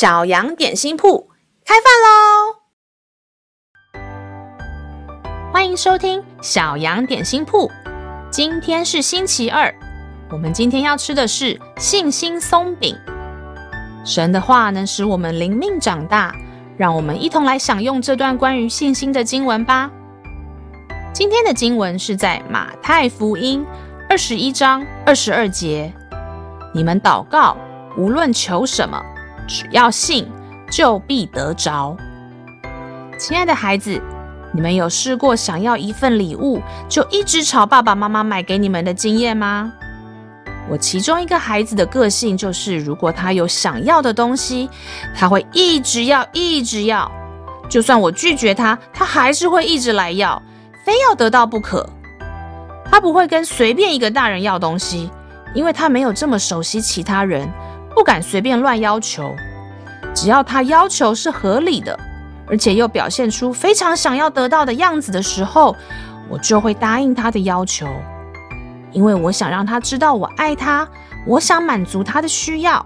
小羊點心鋪開飯嘍！歡迎收聽小羊點心鋪。今天是星期二，我們今天要吃的是信心鬆餅。神的話能使我們靈命長大，讓我們一同來享用這段關於信心的經文吧。今天的經文是在馬太福音二十一章二十二節：“你們禱告，無論求什麼，”只要信，就必得着。親愛的孩子，你們有試過想要一份禮物，就一直吵爸爸媽媽買給你們的經驗嗎？我其中一個孩子的個性就是，如果他有想要的東西，他會一直要，一直要，就算我拒絕他，他還是會一直來要，非要得到不可。他不會跟隨便一個大人要東西，因為他沒有這麼熟悉其他人。不敢隨便亂要求，只要他要求是合理的，而且又表現出非常想要得到的樣子的時候，我就會答應他的要求，因為我想讓他知道我愛他，我想滿足他的需要，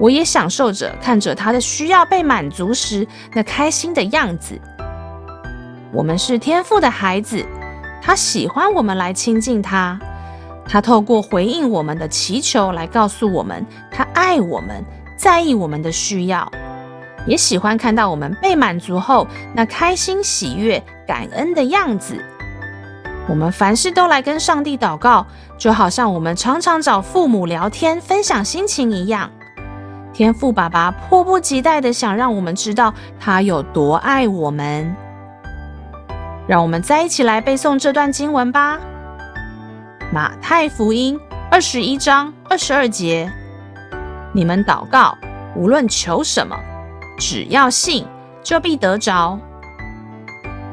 我也享受着看着他的需要被滿足時那開心的樣子。我們是天父的孩子，他喜歡我們來親近他。他透過回應我們的祈求來告訴我們，他愛我們，在意我們的需要，也喜歡看到我們被滿足後那開心、喜悅、感恩的樣子。我們凡事都來跟上帝禱告，就好像我們常常找父母聊天、分享心情一樣。天父爸爸迫不及待的想讓我們知道他有多愛我們。讓我們再一起來背誦這段經文吧。馬太福音二十一章二十二節：你們禱告，無論求什麼，只要信，就必得着。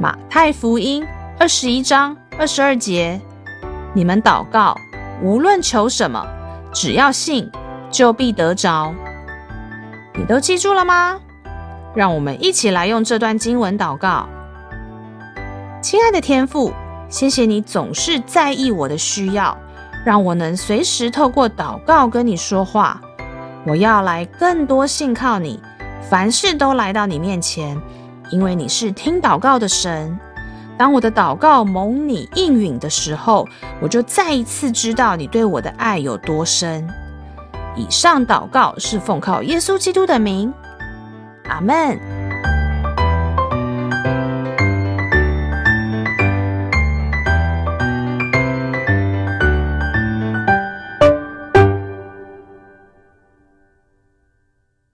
馬太福音二十一章二十二節：你們禱告，無論求什麼，只要信，就必得着。你都記住了嗎？讓我們一起來用這段經文禱告。親愛的天父。謝謝你總是在意我的需要，讓我能隨時透過禱告跟你說話。我要來更多信靠你，凡事都來到你面前，因為你是聽禱告的神。當我的禱告蒙你應允的時候，我就再一次知道你對我的愛有多深。以上禱告是奉靠耶穌基督的名。阿門。